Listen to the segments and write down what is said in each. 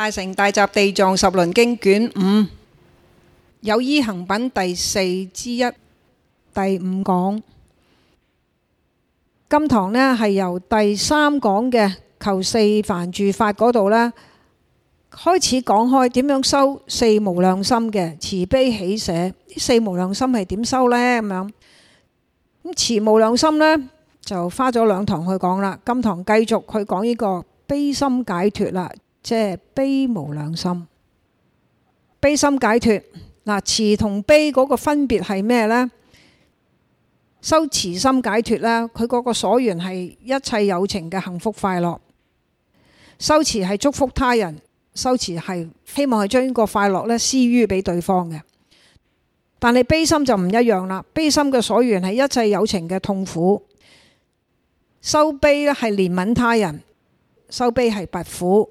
大乘大集地藏十輪經卷五，有依行品第四之一，第五講，今堂呢係由第三講嘅求四梵住法嗰度呢開始講開，點樣修四無量心嘅慈悲喜捨？四無量心係點修呢？咁樣咁慈無量心呢就花咗兩堂去講啦。今堂繼續去講呢個悲心解脫啦。即係悲無兩心，悲心解脱嗱，慈同悲嗰個分別係咩呢？修慈心解脱呢，佢嗰個所緣係一切有情嘅幸福快樂。修慈係祝福他人，修慈係希望係將呢個快樂呢施於俾對方嘅。但係悲心就唔一樣啦，悲心嘅所緣係一切有情嘅痛苦。修悲咧係憐憫他人，修悲係拔苦。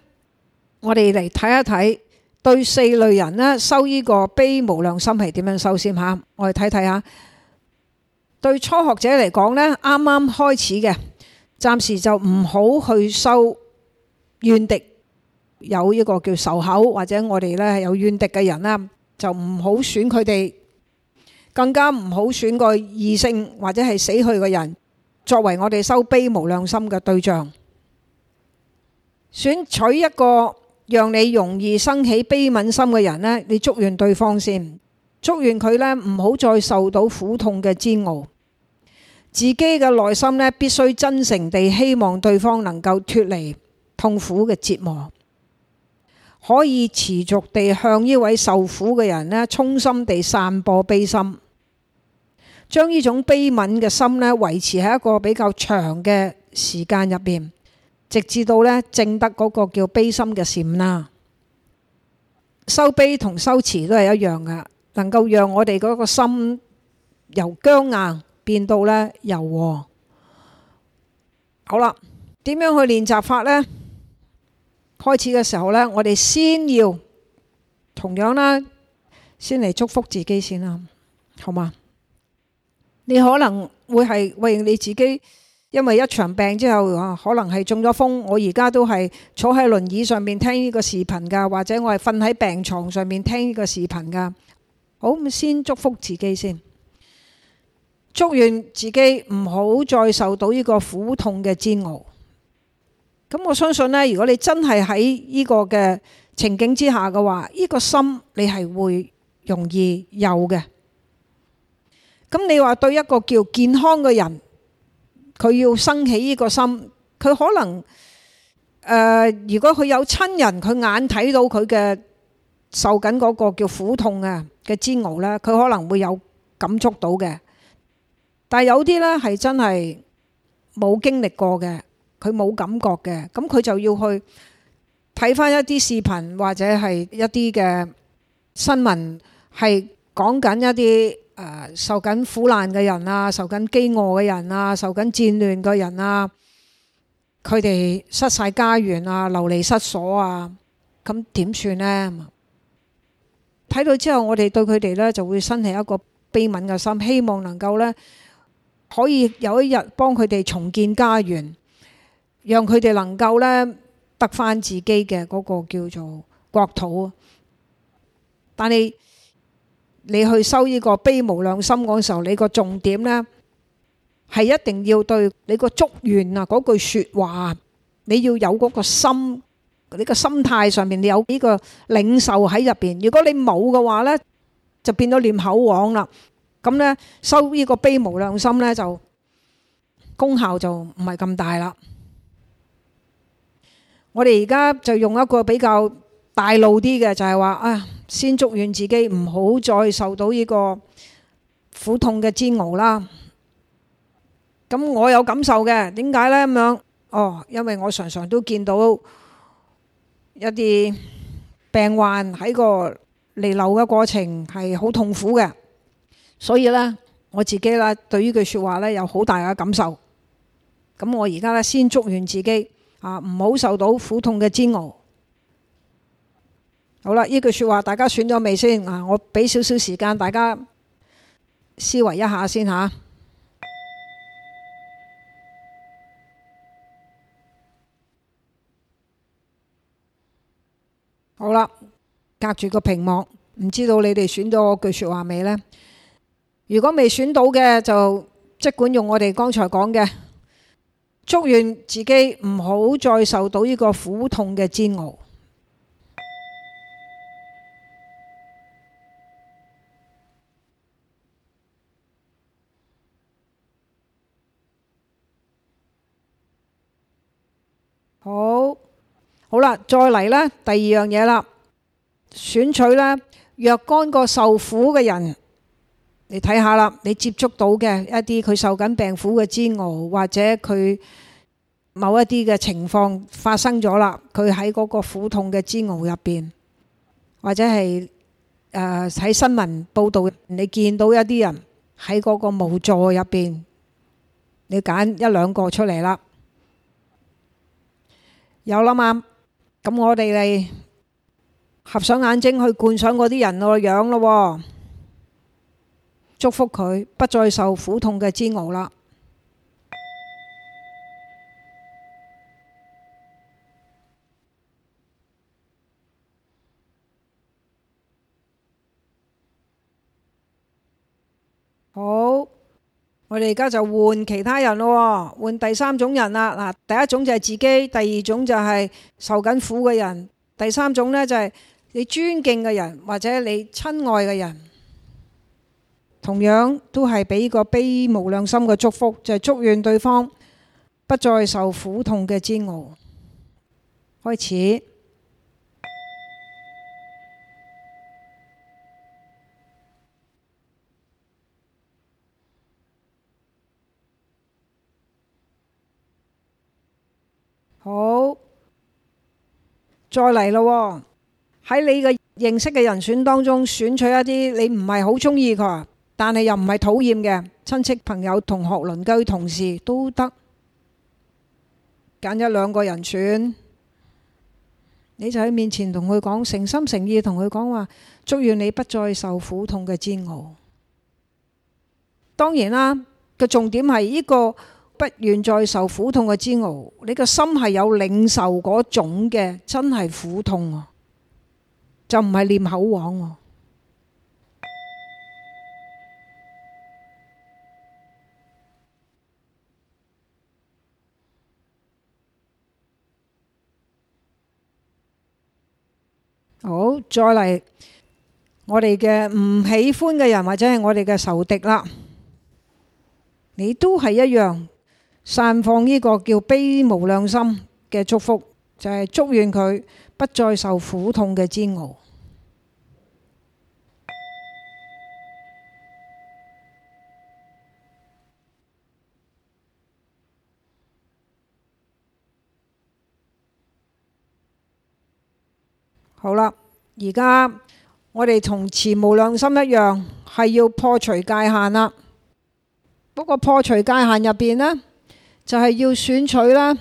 我哋嚟睇一睇，對四類人咧收呢個悲無量心係點樣收先吓？我哋睇睇吓，對初學者嚟講咧，啱啱開始嘅，暫時就唔好去收怨敵，有一個叫仇口或者我哋咧有怨敵嘅人啦，就唔好選佢哋，更加唔好選個異性或者係死去嘅人作為我哋收悲無量心嘅對象，選取一個。讓你容易生起悲憫心嘅人咧，你祝願對方先，祝願佢咧唔好再受到苦痛嘅煎熬，自己嘅內心咧必須真誠地希望對方能夠脫離痛苦嘅折磨，可以持續地向呢位受苦嘅人咧，衷心地散播悲心，將呢種悲憫嘅心咧維持喺一個比較長嘅時間入邊。直至到咧正得嗰個叫悲心嘅禪啦，修悲同修慈都係一樣噶能夠讓我哋嗰個心由僵硬變到咧柔和。好啦，點樣去練習法呢？開始嘅時候呢，我哋先要同樣啦，先嚟祝福自己先啦，好嘛？你可能會係為你自己。因為一場病之後可能係中咗風，我而家都係坐喺輪椅上面聽呢個視頻噶，或者我係瞓喺病床上面聽呢個視頻噶。好，咁先祝福自己先，祝願自己唔好再受到呢個苦痛嘅煎熬。咁我相信呢，如果你真係喺呢個嘅情景之下嘅話，呢個心你係會容易有嘅。咁你話對一個叫健康嘅人，佢要生起呢個心，佢可能誒，如果佢有親人，佢眼睇到佢嘅受緊嗰個叫苦痛嘅嘅煎熬咧，佢可能會有感觸到嘅。但係有啲咧係真係冇經歷過嘅，佢冇感覺嘅，咁佢就要去睇返一啲視頻或者係一啲嘅新聞，係講緊一啲，誒，受緊苦難嘅人啊，受緊饑餓嘅人啊，受緊戰亂嘅人啊，佢哋失晒家園啊，流離失所啊，咁點算呢？睇到之後，我哋對佢哋咧就會生起一個悲憫嘅心，希望能夠咧可以有一日幫佢哋重建家園，讓佢哋能夠咧得翻自己嘅嗰個叫做國土啊。但係，你去修呢個悲無量心嗰時候，你個重點呢係一定要對你個祝願啊，嗰句説話，你要有嗰個心，你個心態上面你有呢個領受喺入邊。如果你冇嘅話呢，就變到念口簧啦。咁呢修呢個悲無量心呢，就功效就唔係咁大啦。我哋而家就用一個比較大路啲嘅，就係話啊。先祝願自己唔好再受到呢個苦痛嘅煎熬啦。咁我有感受嘅，點解呢咁樣？哦，因為我常常都見到一啲病患喺個彌留嘅過程係好痛苦嘅，所以呢，我自己呢對呢句説話呢有好大嘅感受。咁我而家呢先祝願自己啊，唔好受到苦痛嘅煎熬。好啦，呢句說話大家選咗未先？我俾少少時間大家思維一下先吓。好啦，隔住個屏幕，唔知道你哋選咗句說話未呢？如果未選到嘅，就即管用我哋剛才講嘅，祝願自己唔好再受到呢個苦痛嘅煎熬。好啦，再嚟咧，第二樣嘢啦，選取咧若干個受苦嘅人，你睇下啦，你接觸到嘅一啲佢受緊病苦嘅煎熬，或者佢某一啲嘅情況發生咗啦，佢喺嗰個苦痛嘅煎熬入邊，或者係誒喺新聞報道，你見到一啲人喺嗰個無助入邊，你揀一兩個出嚟啦，有啦嘛。咁我哋嚟合上眼睛去觀想嗰啲人個樣咯、啊，祝福佢不再受苦痛嘅煎熬啦。我哋而家就換其他人咯，換第三種人啦。嗱，第一種就係自己，第二種就係受緊苦嘅人，第三種呢就係你尊敬嘅人或者你親愛嘅人，同樣都係俾個悲無量心嘅祝福，就係、是、祝願對方不再受苦痛嘅煎熬。開始。再嚟咯喎！喺你嘅認識嘅人選當中，選取一啲你唔係好中意佢，但係又唔係討厭嘅親戚、朋友、同學、鄰居、同事都得，揀一兩個人選，你就喺面前同佢講，誠心誠意同佢講話，祝願你不再受苦痛嘅煎熬。當然啦，個重點係呢個。不願再受苦痛嘅煎熬，你個心係有領受嗰種嘅，真係苦痛啊，就唔係念口簧啊。好，再嚟，我哋嘅唔喜歡嘅人或者係我哋嘅仇敵啦，你都係一樣。散放呢個叫悲無量心嘅祝福，就係、是、祝願佢不再受苦痛嘅煎熬。 好啦，而家我哋同慈無量心一樣，係要破除界限啦。不過破除界限入邊呢。就係要選取啦，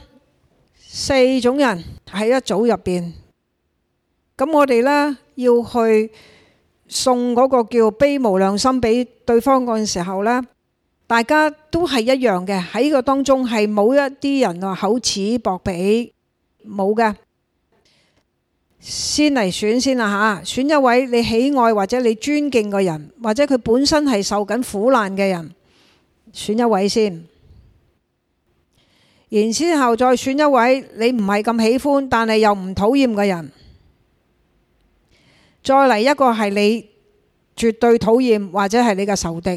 四種人喺一組入邊，咁我哋呢要去送嗰個叫悲無量心俾對方嗰陣時候呢，大家都係一樣嘅，喺個當中係冇一啲人話厚此薄彼冇嘅，先嚟選先啦吓，選一位你喜愛或者你尊敬嘅人，或者佢本身係受緊苦難嘅人，選一位先。然之後再選一位你唔係咁喜歡，但係又唔討厭嘅人；再嚟一個係你絕對討厭或者係你嘅仇敵；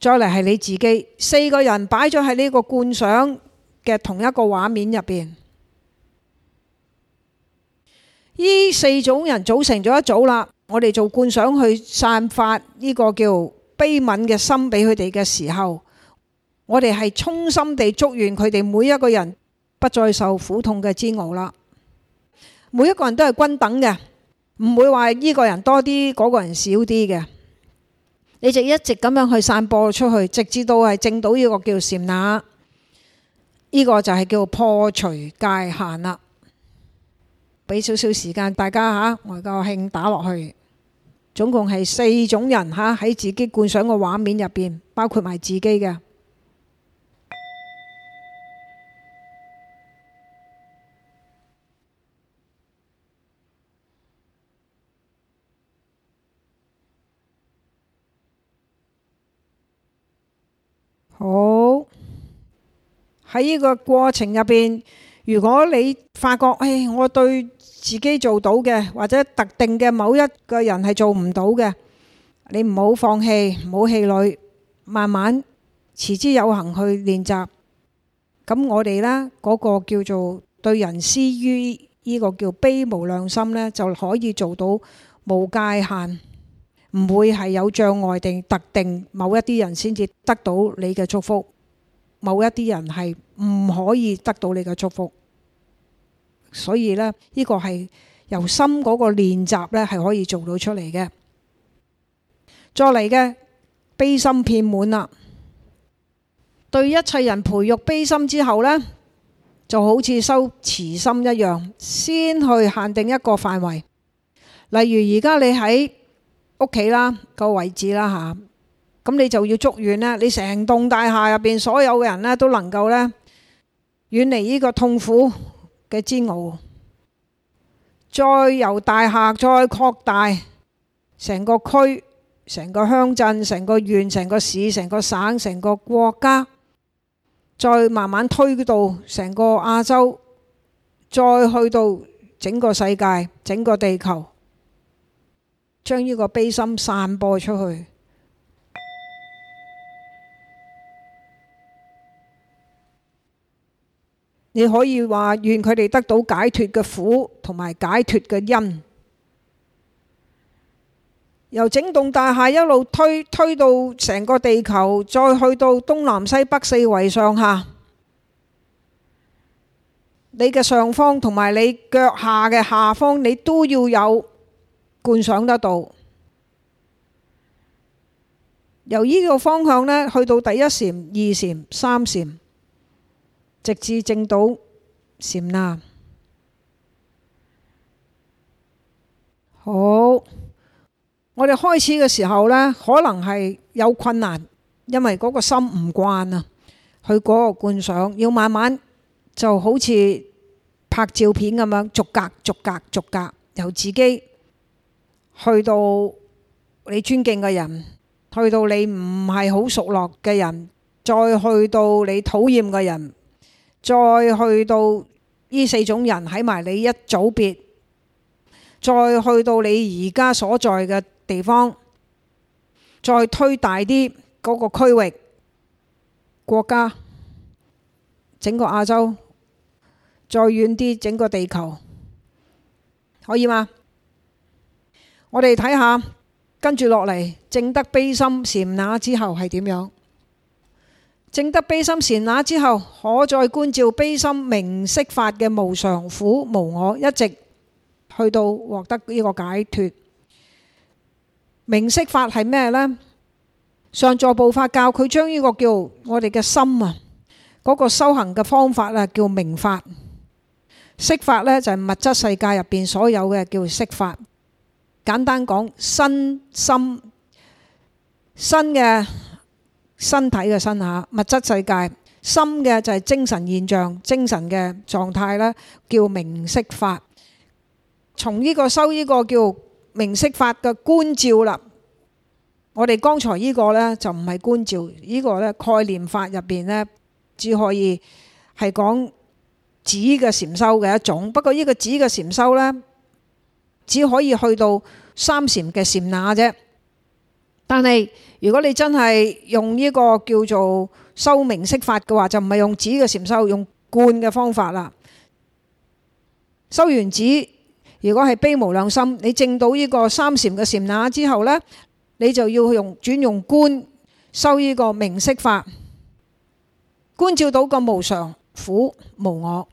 再嚟係你自己。四個人擺咗喺呢個觀想嘅同一個畫面入邊，呢四種人組成咗一組啦。我哋做觀想去散發呢個叫悲憫嘅心俾佢哋嘅時候。我哋係衷心地祝願佢哋每一個人不再受苦痛嘅煎熬啦。每一個人都係均等嘅，唔會話呢個人多啲，嗰、這個人少啲嘅。你就一直咁樣去散播出去，直至到係正到呢個叫禪那，呢、這個就係叫破除界限啦。俾少少時間大家吓、啊，外教慶打落去，總共係四種人吓、啊、喺自己觀想個畫面入邊，包括埋自己嘅。好，喺呢個過程入邊，如果你發覺誒，我對自己做到嘅，或者特定嘅某一個人係做唔到嘅，你唔好放棄，唔好氣餒，慢慢持之有恒去練習。咁我哋呢，嗰個叫做對人施于呢個叫悲無量心呢，就可以做到無界限。唔會係有障礙，定特定某一啲人先至得到你嘅祝福，某一啲人係唔可以得到你嘅祝福。所以呢，呢個係由心嗰個練習咧，係可以做到出嚟嘅。再嚟嘅悲心遍滿啦，對一切人培育悲心之後呢，就好似修慈心一樣，先去限定一個範圍，例如而家你喺屋企啦，個位置啦吓，咁你就要祝願咧，你成棟大廈入邊所有嘅人咧都能夠咧遠離呢個痛苦嘅煎熬，再由大廈再擴大成個區、成個鄉鎮、成個縣、成個市、成個省、成個國家，再慢慢推到成個亞洲，再去到整個世界、整個地球。將呢個悲心散播出去，你可以話願佢哋得到解脫嘅苦同埋解脫嘅因，由整棟大廈一路推，推到成個地球，再去到東南西北四圍上下，你嘅上方同埋你腳下嘅下方，你都要有。觀想得到，由呢個方向呢去到第一禪、二禪、三禪，直至正到禪吶。好，我哋開始嘅時候呢，可能係有困難，因為嗰個心唔慣啊，去嗰個觀想，要慢慢就好似拍照片咁樣，逐格逐格逐格，由自己。去到你尊敬嘅人，去到你唔係好熟絡嘅人，再去到你討厭嘅人，再去到呢四種人喺埋你一組別，再去到你而家所在嘅地方，再推大啲嗰個區域、國家、整個亞洲，再遠啲整個地球，可以嗎？我哋睇下，跟住落嚟，證得悲心禪那之後係點樣？證得悲心禪那之後，可再觀照悲心名色法嘅無常、苦、無我，一直去到獲得呢個解脫。名色法係咩呢？上座部法教佢將呢個叫我哋嘅心啊，嗰、那個修行嘅方法啊，叫名法。色法呢，就係物質世界入邊所有嘅叫色法。簡單講，身心，身嘅身體嘅身下物質世界；心嘅就係精神現象，精神嘅狀態咧，叫名色法。從呢、這個收呢個叫名色法嘅觀照啦，我哋剛才呢個呢就唔係觀照，呢、這個咧概念法入邊呢，只可以係講止嘅禪修嘅一種。不過呢個止嘅禪修呢。只可以去到三禪嘅禪那啫。但係是，如果你真係用呢個叫做修名色法嘅話，就唔係用止嘅禪修，用觀嘅方法啦。修完止，如果係悲無量心，你證到呢個三禪嘅禪那之後咧，你就要用轉用觀修呢個名色法，觀照到個無常、苦、無我，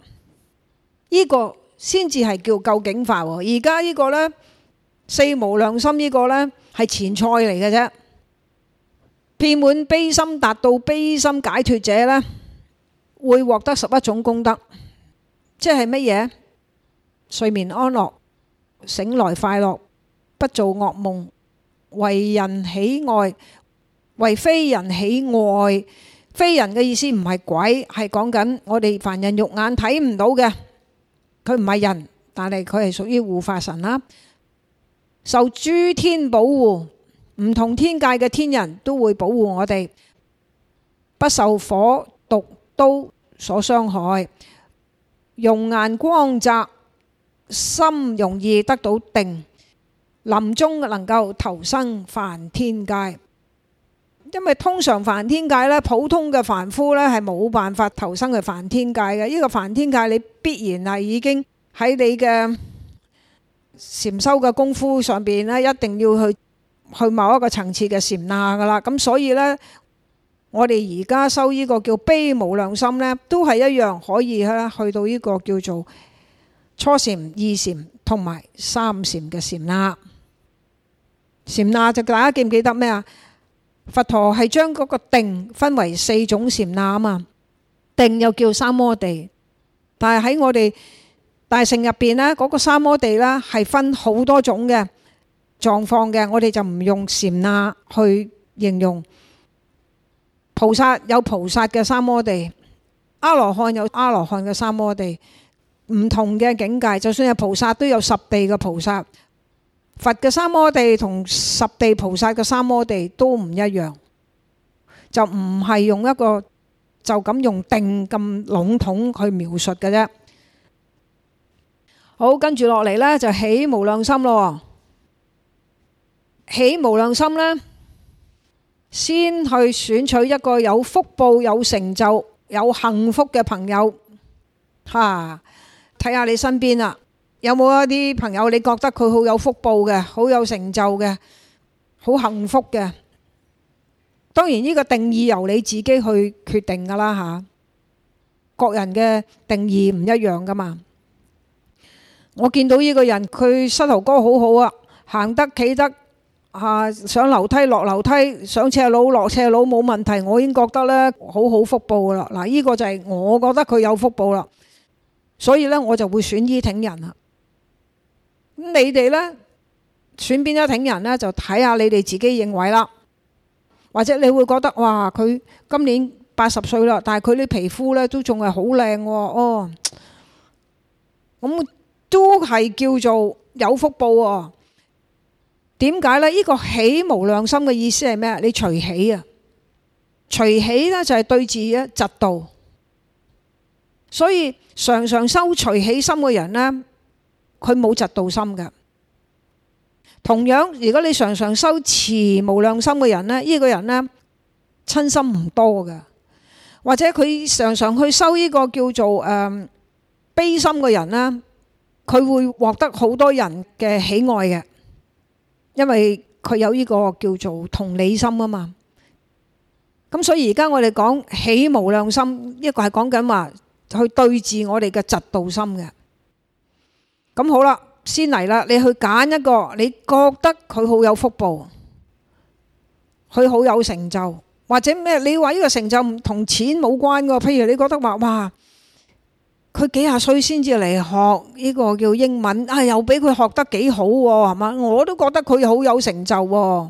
呢、這個。先至係叫究竟法喎，而家依個咧四無量心依個咧係前菜嚟嘅啫。遍滿悲心達到悲心解脫者咧，會獲得十一種功德，即係乜嘢？睡眠安樂，醒來快樂，不做惡夢，為人喜愛，為非人喜愛。非人嘅意思唔係鬼，係講緊我哋凡人肉眼睇唔到嘅。佢唔係人，但係佢係屬於護法神啦，受諸天保護，唔同天界嘅天人都會保護我哋，不受火毒刀所傷害，容顏光澤，心容易得到定，臨終能夠投生梵天界。因為通常梵天界咧，普通嘅凡夫咧係冇辦法投生去梵天界嘅。呢、這個梵天界你必然係已經喺你嘅禪修嘅功夫上邊咧，一定要去去某一個層次嘅禪那噶啦。咁所以咧，我哋而家修呢個叫悲無量心咧，都係一樣可以咧去到呢個叫做初禪、二禪同埋三禪嘅禪那。禪那就大家記唔記得咩啊？佛陀係將嗰個定分為四種禪那啊嘛，定又叫三摩地，但係喺我哋大乘入邊呢，嗰、嗰個三摩地呢係分好多種嘅狀況嘅，我哋就唔用禪那去形容。菩薩有菩薩嘅三摩地，阿羅漢有阿羅漢嘅三摩地，唔同嘅境界，就算係菩薩都有十地嘅菩薩。佛嘅三摩地同十地菩薩嘅三摩地都唔一樣，就唔係用一個就咁用定咁籠統去描述嘅啫。好，跟住落嚟呢就起無量心咯，起無量心呢先去選取一個有福報、有成就、有幸福嘅朋友，吓，睇下你身邊啦。有冇一啲朋友你覺得佢好有福報嘅，好有成就嘅，好幸福嘅？當然呢個定義由你自己去決定噶啦吓，各人嘅定義唔一樣噶嘛。我見到呢個人佢膝頭哥好好啊，行得企得吓，上樓梯落樓梯，上斜路落斜路冇問題，我已經覺得呢好好福報噶啦。嗱，呢個就係我覺得佢有福報啦，所以呢我就會選依挺人啊。咁你哋呢選邊一挺人呢？就睇下你哋自己認為啦，或者你會覺得哇，佢今年八十歲啦，但係佢啲皮膚呢都仲係好靚喎，哦，咁都係叫做有福報喎。點解呢？呢、這個喜無量心嘅意思係咩？你隨喜啊，隨喜呢就係對治啊嫉妒，所以常常收隨喜心嘅人呢。佢冇嫉妒心嘅，同樣如果你常常收慈無量心嘅人咧，呢個人咧親心唔多嘅，或者佢常常去收呢個叫做誒悲心嘅人咧，佢會獲得好多人嘅喜愛嘅，因為佢有呢個叫做同理心啊嘛。咁所以而家我哋講喜無量心，呢個係講緊話去對治我哋嘅嫉妒心嘅。咁好啦，先嚟啦，你去揀一個你覺得佢好有福報，佢好有成就，或者咩？你話呢個成就唔同錢冇關㗎，譬如你覺得話哇，佢幾廿歲先至嚟學呢個叫英文，啊又俾佢學得幾好喎，係嘛？我都覺得佢好有成就喎。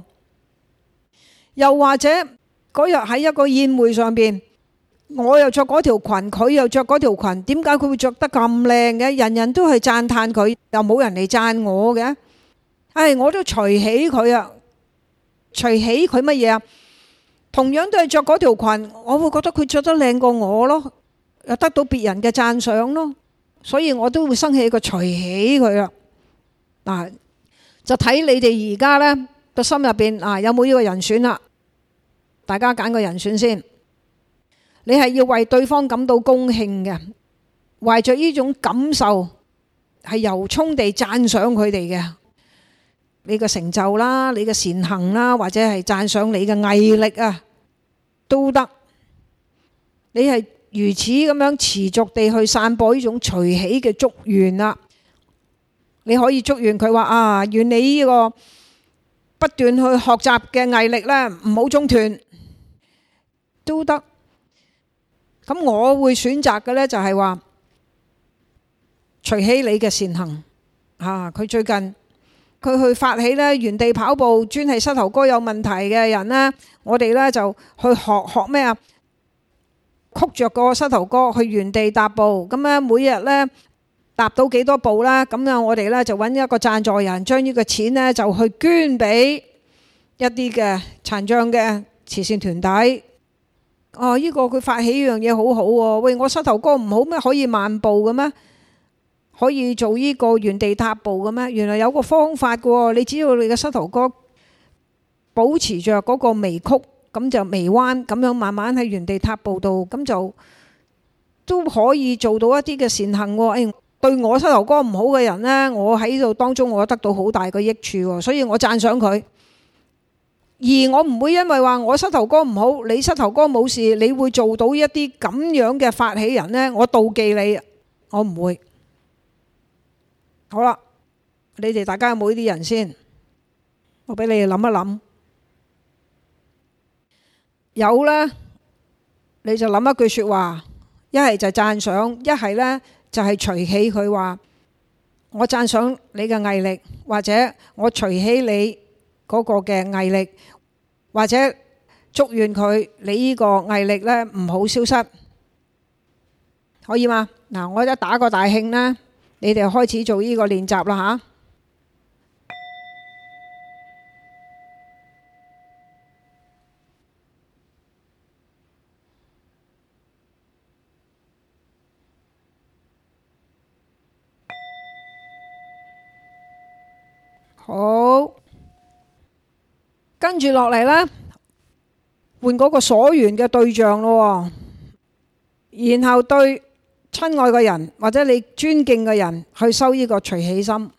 又或者嗰日喺一個宴會上邊。我又着嗰條裙，佢又着嗰條裙，點解佢會着得咁靚嘅？人人都係讚歎佢，又冇人嚟讚我嘅。唉、哎，我都隨喜佢啊，隨喜佢乜嘢啊？同樣都係着嗰條裙，我會覺得佢着得靚過我咯，又得到別人嘅讚賞咯，所以我都會生起一個隨喜佢啊！嗱，就睇你哋而家呢個心入邊啊，有冇呢個人選啦？大家揀個人選先。你係要為對方感到高興嘅，懷着呢種感受，係由衷地讚賞佢哋嘅你嘅成就啦，你嘅善行啦，或者係讚賞你嘅毅力啊，都得。你係如此咁樣持續地去散播呢種隨喜嘅祝願啦，你可以祝願佢話啊，願你呢個不斷去學習嘅毅力啦，唔好中斷，都得。咁我會選擇嘅呢，就係話，隨喜你嘅善行。嚇、啊，佢最近佢去發起呢原地跑步，專係膝頭哥有問題嘅人呢，我哋呢就去學學咩啊？曲着個膝頭哥去原地踏步，咁呢，每日呢踏到幾多步啦？咁啊，我哋呢就揾一個贊助人，將呢個錢呢就去捐俾一啲嘅殘障嘅慈善團體。哦，呢、這個佢發起呢樣嘢好好、哦、喎。喂，我膝頭哥唔好咩？可以慢步嘅咩？可以做呢個原地踏步嘅咩？原來有個方法嘅喎、哦。你只要你嘅膝頭哥保持著嗰個微曲，咁就微彎，咁樣慢慢喺原地踏步度，咁就都可以做到一啲嘅善行喎、哦。誒、哎，對我膝頭哥唔好嘅人呢，我喺度當中我得到好大嘅益處，所以我讚賞佢。而我唔會因為話我膝頭哥唔好，你膝頭哥冇事，你會做到一啲咁樣嘅發起人呢？我妒忌你，我唔會。好啦，你哋大家有冇呢啲人先？我俾你哋諗一諗，有啦，你就諗一句說話，一係就讚賞，一係呢就係隨喜佢話，我讚賞你嘅毅力，或者我隨喜你嗰個嘅毅力。或者祝願佢，你依個毅力咧，唔好消失，可以嗎？嗱，我一打個大慶咧，你哋開始做依個練習啦。接落嚟啦，換個所緣嘅對象咯，然後對親愛嘅人或者你尊敬嘅人去收呢個隨喜心。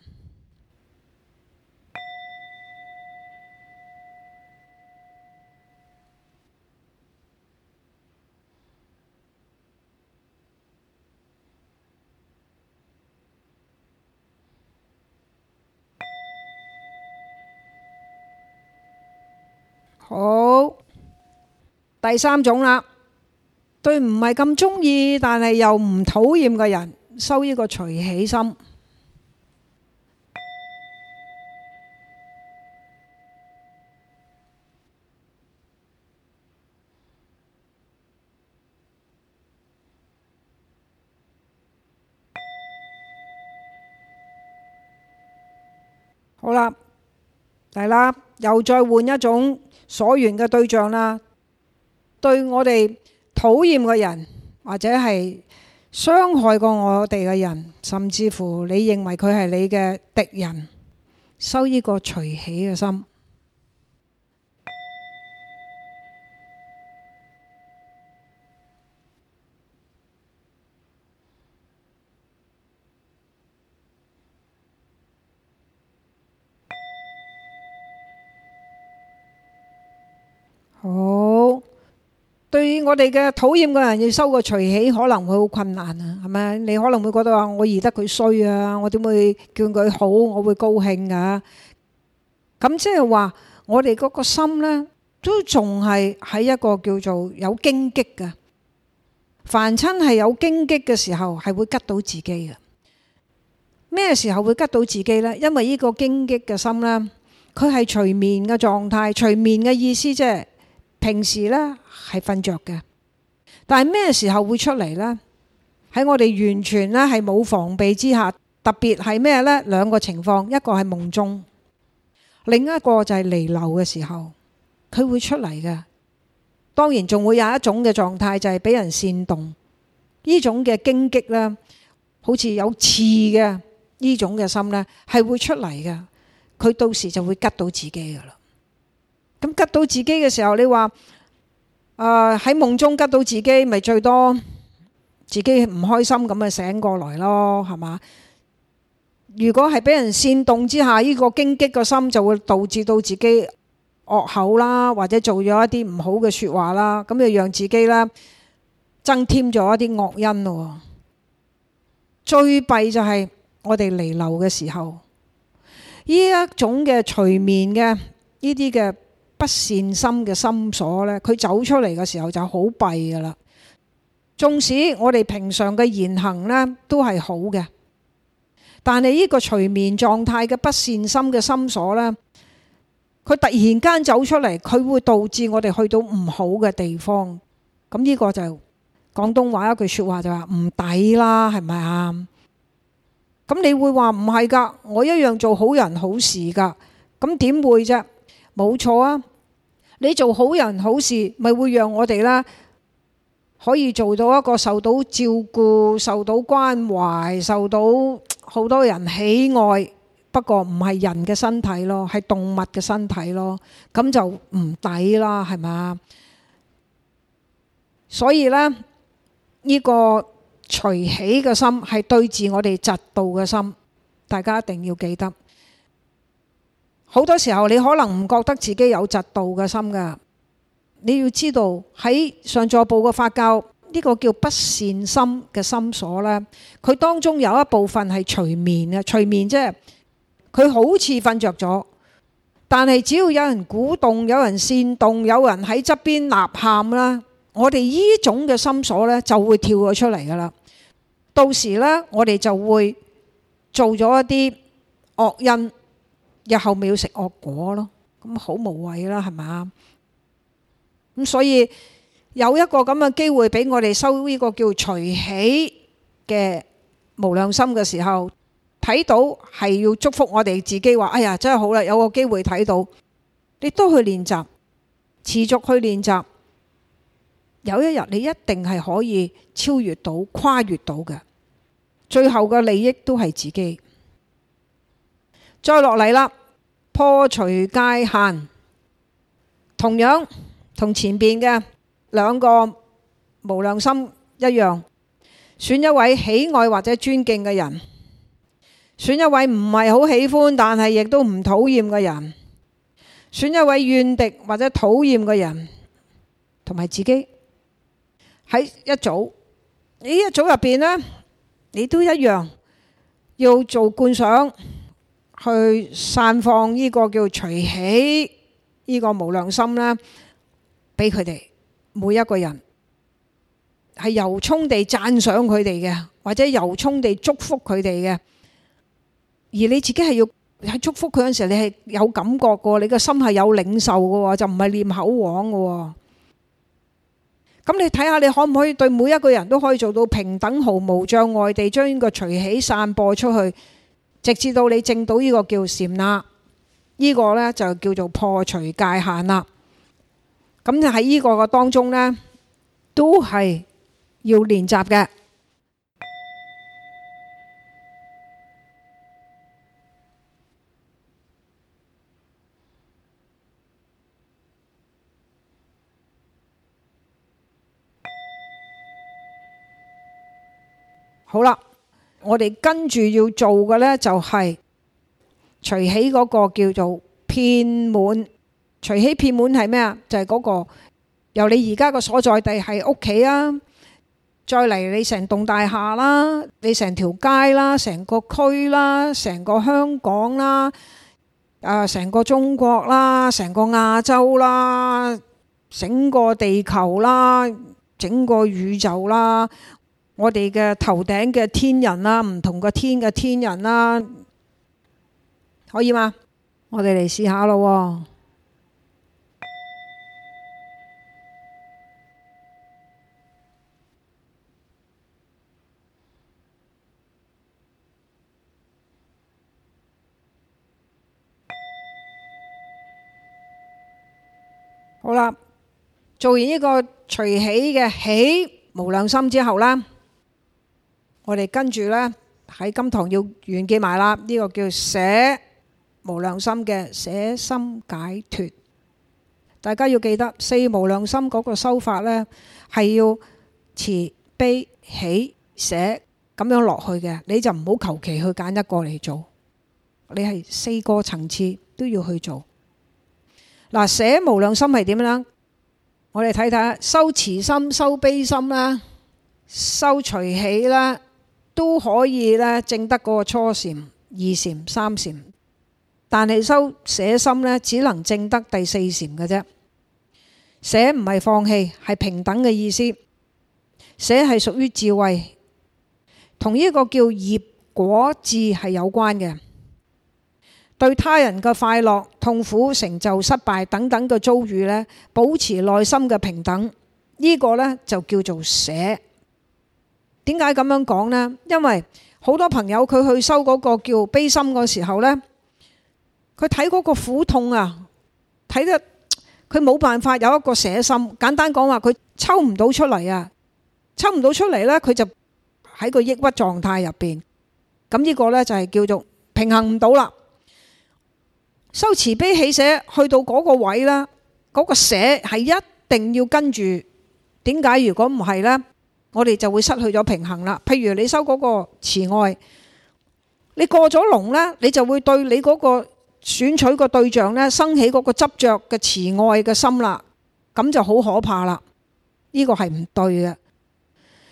第三種啦，對唔係咁鍾意，但係又唔討厭嘅人，收呢個隨喜心。好啦，嚟啦，又再換一種所緣嘅對象啦。對我哋討厭嘅人，或者係傷害過我哋嘅人，甚至乎你認為佢係你嘅敵人，收呢個隨喜嘅心。我哋嘅討厭嘅人要收個隨喜，可能會好困難啊，係咪？你可能會覺得話我贏得佢衰啊，我點會叫佢好？我會高興噶。咁即係話，我哋嗰個心咧，都仲係喺一個叫做有荊棘嘅。凡親係有荊棘嘅時候，係會吉到自己嘅。咩時候會吉到自己咧？因為呢個荊棘嘅心咧，佢係隨眠嘅狀態，隨眠嘅意思即係。平時咧係瞓着嘅，但係咩時候會出嚟呢？喺我哋完全咧係冇防備之下，特別係咩呢？兩個情況，一個係夢中，另一個就係彌留嘅時候，佢會出嚟嘅。當然仲會有一種嘅狀態，就係俾人煽動，呢種嘅荊棘咧，好似有刺嘅呢種嘅心呢係會出嚟嘅。佢到時就會拮到自己噶啦。咁吉到自己嘅時候，你話誒喺夢中吉到自己，咪最多自己唔開心咁啊，醒過來咯，係嘛？如果係俾人煽動之下，呢、這個驚激個心就會導致到自己惡口啦，或者做咗一啲唔好嘅說話啦，咁就讓自己咧增添咗一啲惡因咯。最弊就係我哋彌留嘅時候，呢一種嘅隨眠嘅呢啲嘅。不善心嘅心所咧，佢走出嚟嘅時候就好弊噶啦。縱使我哋平常嘅言行呢都係好嘅，但係呢個隨眠狀態嘅不善心嘅心所呢，佢突然間走出嚟，佢會導致我哋去到唔好嘅地方。咁、這、呢個就是、廣東話一句說話就話、是、唔抵啦，係咪啊？咁你會話唔係噶，我一樣做好人好事噶，咁點會啫？冇錯啊！你做好人好事，咪會讓我哋啦，可以做到一個受到照顧、受到關懷、受到好多人喜愛。不過唔係人嘅身體咯，係動物嘅身體咯，咁就唔抵啦，係咪？所以呢，呢個隨喜嘅心係對治我哋嫉妒嘅心，大家一定要記得。好多時候，你可能唔覺得自己有嫉妒嘅心噶。你要知道喺上座部嘅法教，呢個叫不善心嘅心所呢，佢當中有一部分係隨眠嘅，隨眠即係佢好似瞓着咗，但係只要有人鼓動、有人煽動、有人喺側邊呐喊啦，我哋呢種嘅心所呢就會跳咗出嚟噶啦。到時呢，我哋就會做咗一啲惡因。日後咪要食惡果咯，咁好無謂啦，係咪？咁所以有一個咁嘅機會俾我哋收呢個叫隨喜嘅無量心嘅時候，睇到係要祝福我哋自己話：哎呀，真係好啦，有個機會睇到，你都去練習，持續去練習，有一日你一定係可以超越到、跨越到嘅。最後嘅利益都係自己。再落嚟啦，破除界限，同樣同前邊嘅兩個無量心一樣，選一位喜愛或者尊敬嘅人，選一位唔係好喜歡但係亦都唔討厭嘅人，選一位怨敵或者討厭嘅人，同埋自己喺一組。呢一組入邊呢，你都一樣要做觀想。去散放呢個叫隨喜，呢個無量心啦，俾佢哋每一個人係由衷地讚賞佢哋嘅，或者由衷地祝福佢哋嘅。而你自己係要喺祝福佢嗰時，你係有感覺嘅，你個心係有領受嘅，就唔係念口簧嘅。咁你睇下，你可唔可以對每一個人都可以做到平等、毫無障礙地將呢個隨喜散播出去？直至到你證到呢個叫禪啦，呢個咧就叫做破除界限啦。咁就喺呢個嘅當中咧，都係要練習嘅。好啦。我哋跟住要做嘅呢，就係除起嗰個叫做片滿，除起片滿係咩啊？就係嗰個由你而家個所在地係屋企啊，再嚟你成棟大廈啦，你成條街啦，成個區啦，成個香港啦，啊，成個中國啦，成個亞洲啦，整個地球啦，整個宇宙啦。我哋嘅頭頂嘅天人啦，唔同嘅天嘅天人啦，可以嗎？我哋嚟試下咯。好啦，做完呢個隨喜嘅喜無量心之後啦。我哋跟住呢，喺今堂要完結埋啦，呢、這個叫捨無量心嘅捨心解脫。大家要記得四無量心嗰個修法呢，係要慈悲喜捨咁樣落去嘅。你就唔好求其去揀一個嚟做，你係四個層次都要去做。嗱，捨無量心係點樣？我哋睇睇收慈心、收悲心啦，收除喜啦。都可以咧，證得嗰個初禪、二禪、三禪，但係修捨心咧，只能證得第四禪嘅啫。捨唔係放棄，係平等嘅意思。捨係屬於智慧，同呢個叫業果智係有關嘅。對他人嘅快樂、痛苦、成就、失敗等等嘅遭遇咧，保持內心嘅平等，呢個呢就叫做捨。點解咁樣講呢？因為好多朋友佢去修嗰個叫悲心嗰時候呢，佢睇嗰個苦痛啊，睇得佢冇辦法有一個捨心。簡單講話，佢抽唔到出嚟啊，抽唔到出嚟呢，佢就喺個抑鬱狀態入邊。咁呢個呢，就係叫做平衡唔到啦。修慈悲喜捨去到嗰個位啦，嗰個捨係一定要跟住。點解？如果唔係呢？我哋就會失去咗平衡啦。譬如你收嗰個慈愛，你過咗龍呢，你就會對你嗰個選取個對象呢，生起嗰個執著嘅慈愛嘅心啦。咁就好可怕啦！呢個係唔對嘅。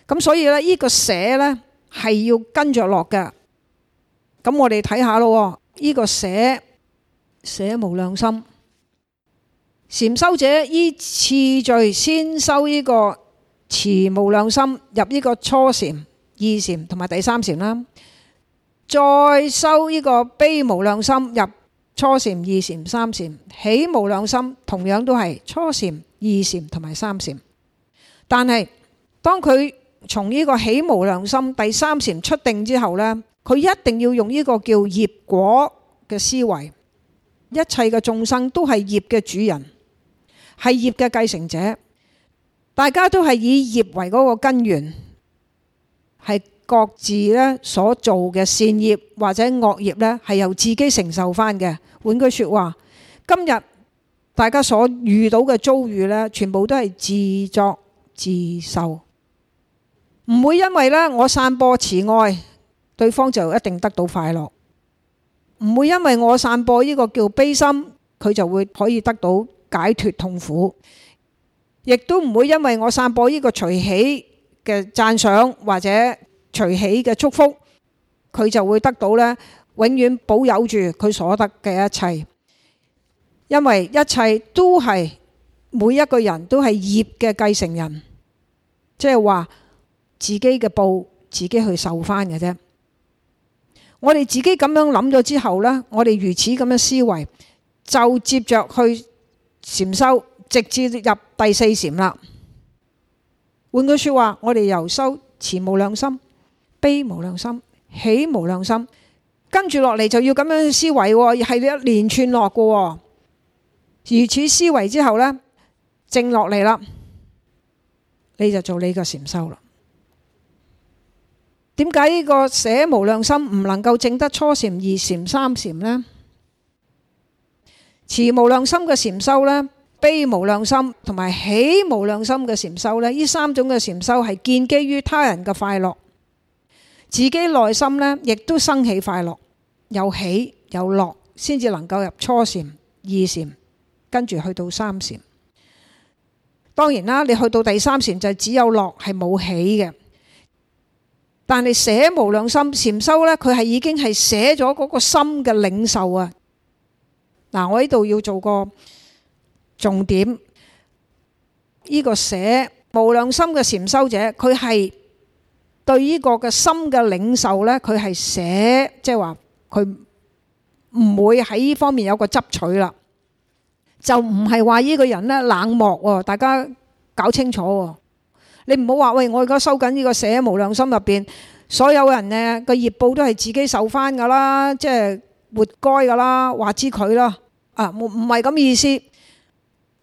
咁所以呢，呢個捨呢係要跟著落嘅。咁我哋睇下咯，呢個捨捨無量心，禪修者依次序先修呢個。慈無量心入呢個初禪、二禪同埋第三禪啦，再修呢個悲無量心入初禪、二禪、三禪，喜無量心同樣都係初禪、二禪同埋三禪。但係當佢從呢個喜無量心第三禪出定之後呢，佢一定要用呢個叫業果嘅思維，一切嘅眾生都係業嘅主人，係業嘅繼承者。大家都係以業為嗰個根源，係各自所做嘅善業或者惡業，係由自己承受返嘅。換句說話，今日大家所遇到嘅遭遇全部都係自作，自受。唔會因為我散播慈愛，對方就一定得到快樂。唔會因為我散播這個叫悲心，佢就會可以得到解脫痛苦。亦都唔會因為我散播呢個隨喜嘅讚賞或者隨喜嘅祝福，佢就會得到咧永遠保有住佢所得嘅一切，因為一切都係每一個人都係業嘅繼承人，即係話自己嘅報自己去受翻嘅啫。我哋自己咁樣諗咗之後呢，我哋如此咁樣思維，就接着去禪修。直至入第四禪啦。換句說話，我哋由修慈無量心、悲無量心、喜無量心，跟住落嚟，就要咁樣思維，係一連串落嘅。如此思維之後呢，靜落嚟啦，你就做你個禪修啦。點解呢個捨無量心唔能夠證得初禪、二禪、三禪呢？慈無量心嘅禪修呢？悲無量心同埋喜無量心嘅禪修呢，呢三種嘅禪修係建基於他人嘅快樂，自己內心呢，亦都生起快樂，有喜有樂，先至能夠入初禪、二禪，跟住去到三禪。當然啦，你去到第三禪就只有樂係冇喜嘅，但你捨無量心禪修呢，佢係已經係捨咗嗰個心嘅領受啊！嗱，我喺度要做個。重點，呢個捨無量心嘅禪修者，佢係對呢個嘅心嘅領受咧，佢係捨，即係話佢唔會喺呢方面有個執取啦，就唔係話呢個人咧冷漠喎。大家搞清楚喎，你唔好話喂，我而家收緊呢個捨無量心入邊所有人咧嘅業報都係自己受翻噶啦，即係活該噶啦，話之佢啦啊，唔，唔係咁嘅意思。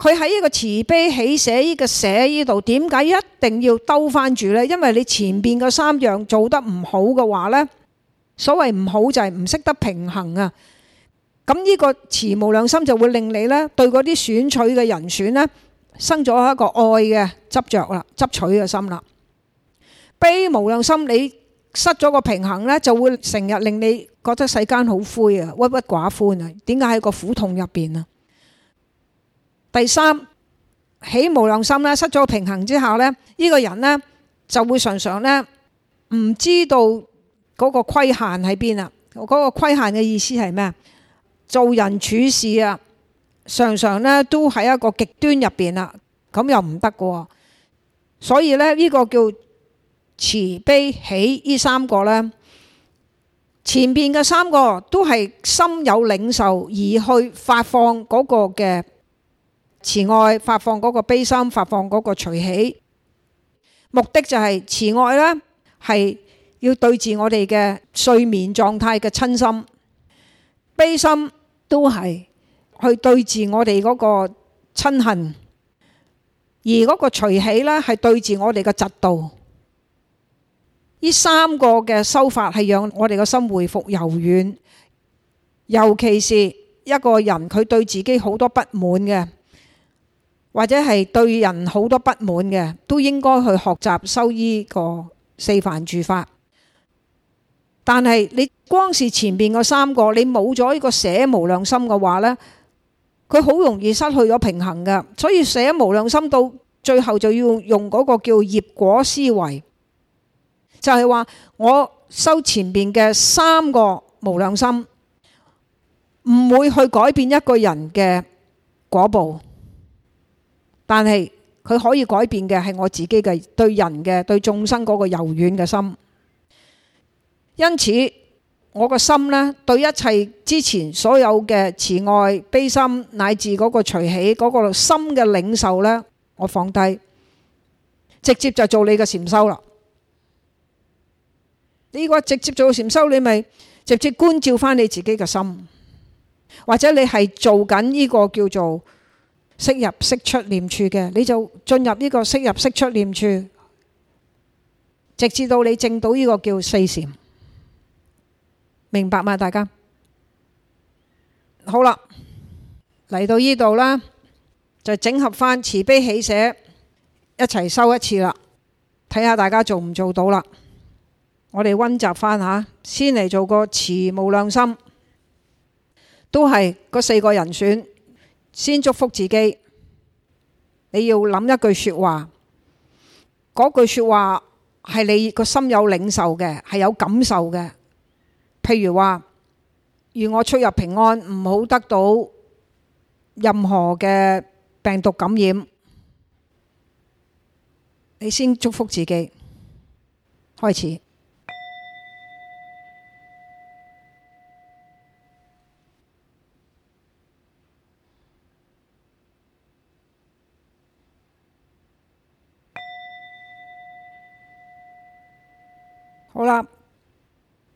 佢喺呢個慈悲喜捨呢個捨呢度，點解一定要兜翻住呢？因為你前邊嗰三樣做得唔好嘅話呢，所謂唔好就係唔識得平衡啊。咁呢個慈無量心就會令你呢對嗰啲選取嘅人選呢生咗一個愛嘅執着啦，執取嘅心啦。悲無量心你失咗個平衡呢，就會成日令你覺得世間好灰啊，郁鬱寡歡啊。點解喺個苦痛入邊啊？第三喜無量心啦，失咗平衡之後咧，呢、這個人咧就會常常咧唔知道嗰個規限喺邊啊，嗰、那個規限嘅意思係咩？做人處事啊，常常咧都喺一個極端入邊啦，咁又唔得嘅。所以咧呢個叫慈悲喜呢三個咧，前邊嘅三個都係心有領受而去發放嗰個嘅。慈愛發放嗰個悲心，發放嗰個隨喜，目的就係慈愛呢係要對治我哋嘅睡眠狀態嘅瞋心；悲心都係去對治我哋嗰個瞋恨，而嗰個隨喜呢，係對治我哋嘅嫉妒。呢三個嘅修法係讓我哋個心回復柔軟，尤其是一個人佢對自己好多不滿嘅。或者係對人好多不滿嘅，都應該去學習修依個四梵住法。但係你光是前邊嗰三個，你冇咗依個捨無量心嘅話呢，佢好容易失去咗平衡㗎。所以捨無量心到最後就要用嗰個叫業果思維，就係話我修前邊嘅三個無量心，唔會去改變一個人嘅果報。但係佢可以改變嘅係我自己嘅、對人嘅、對眾生嗰個柔軟嘅心，因此我個心呢，對一切之前所有嘅慈愛悲心乃至嗰個隨喜嗰個心嘅領受呢，我放低，直接就做你嘅禪修啦。呢個直接做禪修，你咪直接觀照返你自己嘅心，或者你係做緊呢個叫做，息入息出念處嘅，你就進入呢個息入息出念處，直至到你證到呢個叫四禪，明白嘛？大家好啦，嚟到呢度啦，就整合翻慈悲喜捨一齊修一次啦，睇下大家做唔做到啦。我哋溫習翻吓，先嚟做個慈無量心，都係嗰四個人選。先祝福自己，你要諗一句說話，嗰句說話係你個心有領受嘅，係有感受嘅。譬如話願我出入平安，唔好得到任何嘅病毒感染。你先祝福自己，開始。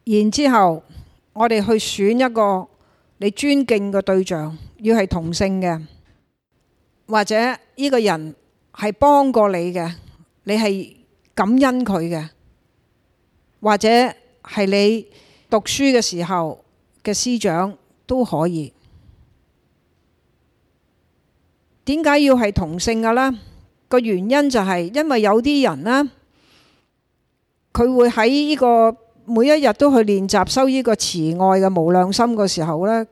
然之後，我哋去選一個你尊敬嘅對象，要係同性嘅，或者呢個人係幫過你嘅，你係感恩佢嘅，或者係你讀書嘅時候嘅師長都可以。點解要係同性嘅呢？個原因就係因為有啲人呢，佢會喺呢個。每一日都去練習修呢個慈愛嘅無量心嘅時候呢，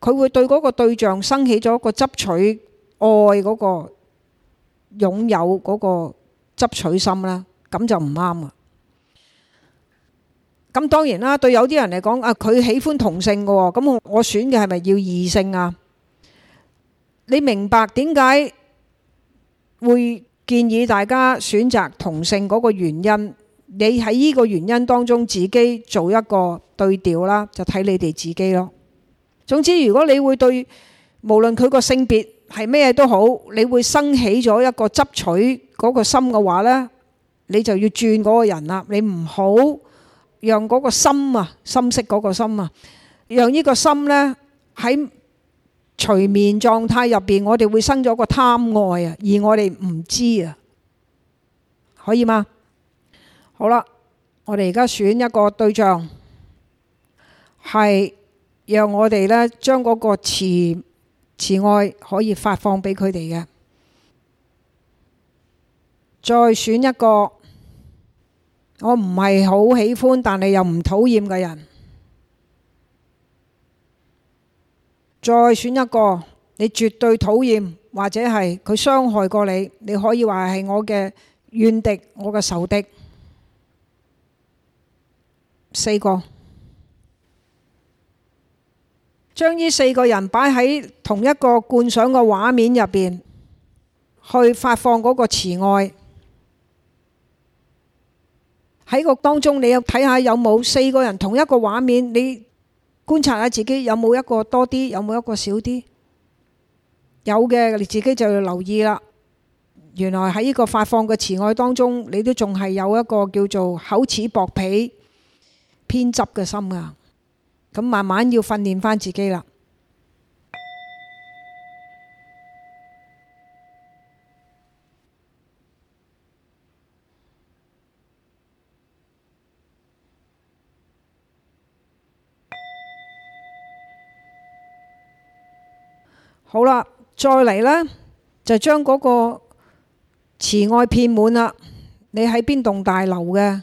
佢會對嗰個對象生起咗一個執取愛嗰個擁有嗰個執取心啦，咁就唔啱喇。咁當然啦，對有啲人嚟講啊，佢喜歡同性噶，咁我我選嘅係咪要異性啊？你明白點解會建議大家選擇同性嗰個原因？你喺呢個原因當中自己做一個對調啦，就睇你哋自己咯。總之，如果你會對無論佢個性別係咩都好，你會生起咗一個執取嗰個心嘅話咧，你就要轉嗰個人啦。你唔好讓嗰個心啊，心識嗰個心啊，讓呢個心咧喺隨眠狀態入邊，我哋會生咗一個貪愛啊，而我哋唔知啊，可以嗎？好啦，我哋而家選一個對象，係讓我哋咧將嗰個慈慈愛可以發放俾佢哋嘅。再選一個，我唔係好喜歡，但係又唔討厭嘅人。再選一個，你絕對討厭或者係佢傷害過你，你可以話係我嘅怨敵，我嘅仇敵。四個將呢四個人擺喺同一個觀想嘅畫面入邊，去發放嗰個慈愛喺個當中。你要睇下有冇四個人同一個畫面？你觀察下自己有冇一個多啲，有冇一個少啲？有嘅，你自己就要留意啦。原來喺呢個發放嘅慈愛當中，你都仲係有一個叫做厚此薄彼。偏執嘅心啊，咁慢慢要訓練返自己啦。 好啦，再嚟啦，就將嗰個慈愛遍滿啦。你喺邊棟大樓嘅？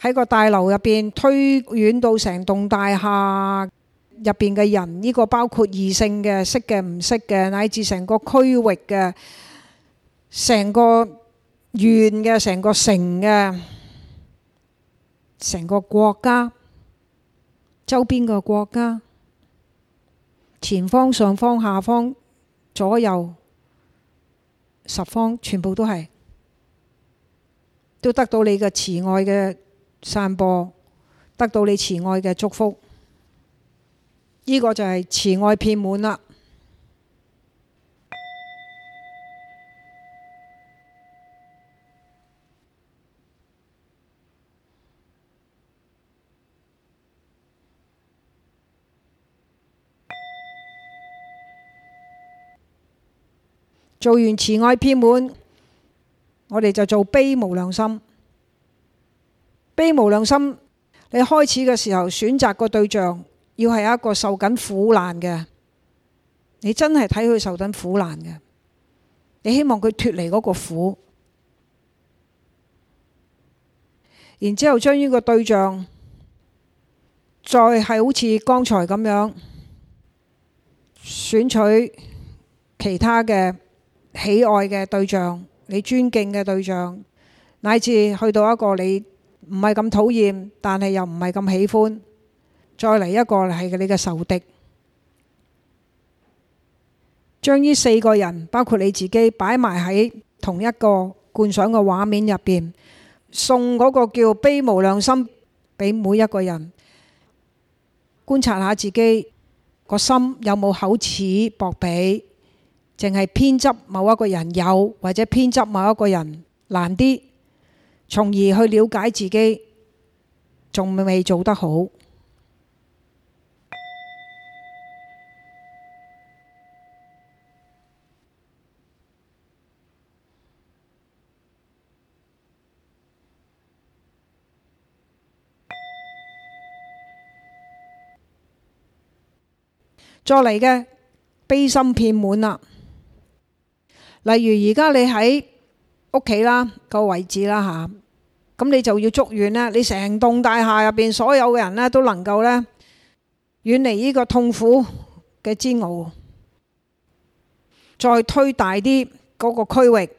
喺個大樓入邊，推遠到成棟大廈入邊嘅人，呢個包括異性嘅識嘅、唔識嘅，乃至成個區域嘅、成個縣嘅、成個城嘅、成個國家、周邊嘅國家、前方、上方、下方、左右十方，全部都係都得到你嘅慈愛嘅。散播得到你慈愛嘅祝福，呢、這個就係慈愛遍滿啦。做完慈愛遍滿，我哋就做悲無量心。悲無量心，你開始嘅時候選擇個對象要係一個受緊苦難嘅，你真係睇佢受緊苦難嘅，你希望佢脫離嗰個苦，然之後將呢個對象再係好似剛才咁樣選取其他嘅喜愛嘅對象，你尊敬嘅對象，乃至去到一個你唔係咁討厭，但係又唔係咁喜歡。再嚟一個係你嘅仇敵，將呢四個人包括你自己擺埋喺同一個觀想嘅畫面入邊，送嗰個叫悲無量心俾每一個人，觀察下自己個心有冇厚此薄彼？淨係偏執某一個人有，或者偏執某一個人難啲。從而去了解自己，仲未做得好。再嚟嘅悲心遍滿啦，例如而家你喺屋企啦個位置啦吓。咁你就要祝願啦！你成棟大廈入邊所有嘅人呢，都能夠呢遠離呢個痛苦嘅煎熬，再推大啲嗰個區域，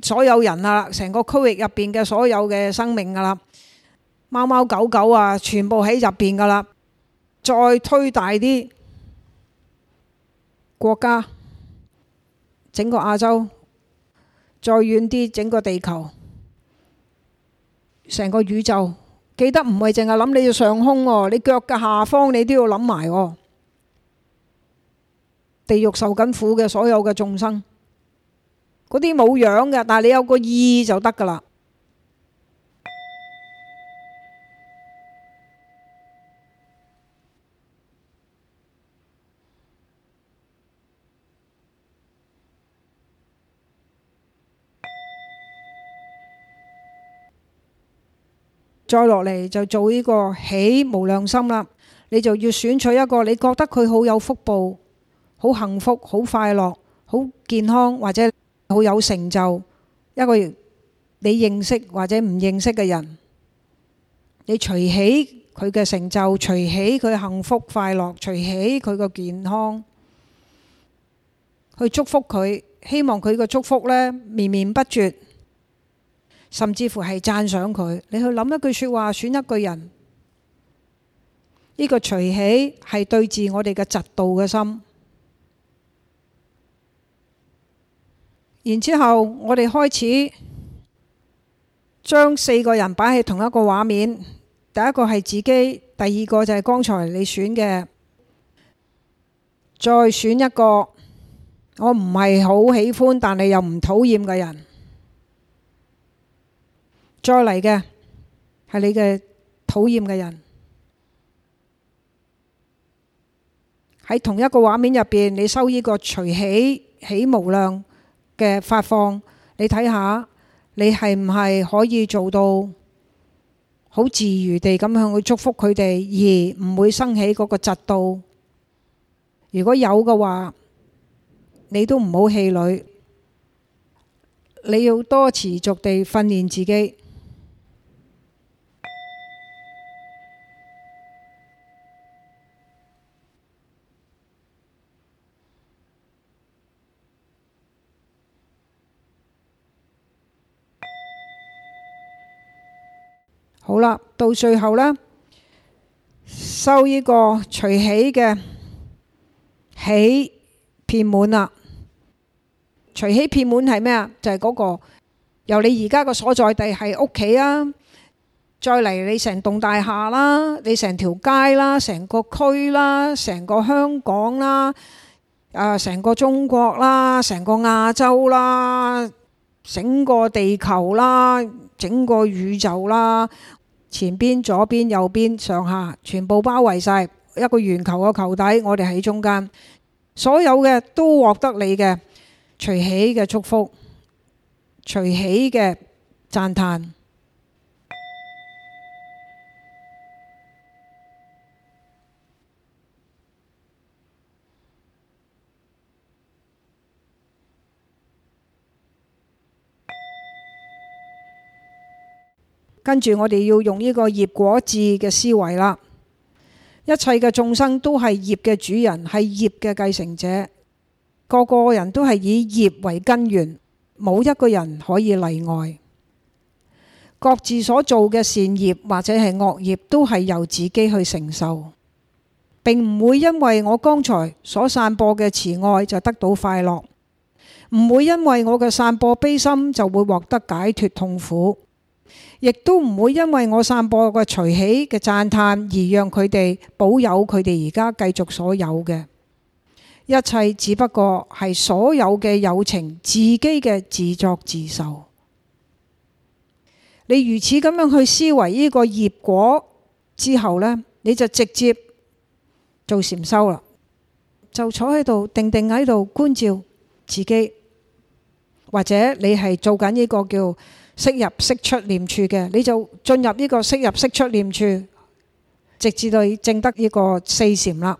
所有人啊，成個區域入邊嘅所有嘅生命噶啦，貓貓狗狗啊，全部喺入邊噶啦，再推大啲國家，整個亞洲，再遠啲整個地球。成個宇宙，記得唔係淨係諗你要上空喎，哦，你腳嘅下方你都要諗埋喎。地獄受緊苦嘅所有嘅眾生，嗰啲冇樣嘅，但係你有個意就得㗎喇。再落嚟就做呢個喜無量心啦，你就要選取一個你覺得佢好有福報、好幸福、好快樂、好健康或者好有成就一個你認識或者唔認識嘅人，你隨喜佢嘅成就，隨喜佢幸福快樂，隨喜佢嘅健康，去祝福佢，希望佢嘅祝福呢綿綿不絕。甚至乎係讚賞佢，你去諗一句説話，選一個人，呢、這個隨喜係對治我哋嘅嫉妒嘅心。然之後，我哋開始將四個人擺喺同一個畫面。第一個係自己，第二個就係剛才你選嘅，再選一個，我唔係好喜歡，但係又唔討厭嘅人。再嚟嘅係你嘅討厭嘅人，喺同一個畫面入邊，你收依個隨起起無量嘅發放，你睇下你係唔係可以做到好自如地咁向佢祝福佢哋，而唔會生起嗰個嫉妒。如果有嘅話，你都唔好氣餒，你要多持續地訓練自己。到最後呢，收呢個除起嘅起片滿啦。除起片滿係咩啊？就係、是、嗰個由你而家個所在地係屋企啊，再嚟你成棟大廈啦，你成條街啦，成個區啦，成個香港啦，啊、呃，成個中國啦，成個亞洲啦，整個地球啦，整個宇宙啦。前邊、左邊、右邊、上下，全部包圍晒一個圓球嘅球底，我哋喺中間，所有嘅都獲得你嘅隨喜嘅祝福，隨喜嘅讚歎。跟住我哋要用呢個業果智嘅思維啦，一切嘅眾生都係業嘅主人，係業嘅繼承者，個個人都係以業為根源，冇一個人可以例外。各自所做嘅善業或者係惡業，都係由自己去承受，並唔會因為我剛才所散播嘅慈愛就得到快樂，唔會因為我嘅散播悲心就會獲得解脫痛苦。亦都唔會因為我散播個隨喜嘅讚嘆而讓佢哋保有佢哋而家繼續所有嘅一切，只不過係所有嘅友情，自己嘅自作自受。你如此咁樣去思維呢個業果之後呢，你就直接做禪修啦，就坐喺度定定喺度觀照自己，或者你係做緊呢個叫。息入息出念處嘅，你就進入呢個息入息出念處，直至到證得呢個四禪啦。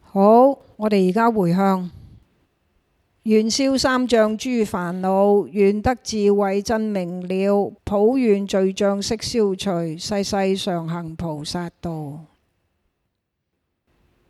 好，我哋而家回向。願消三障諸煩惱，願得智慧真明了，普願罪障悉消除，世世常行菩薩道。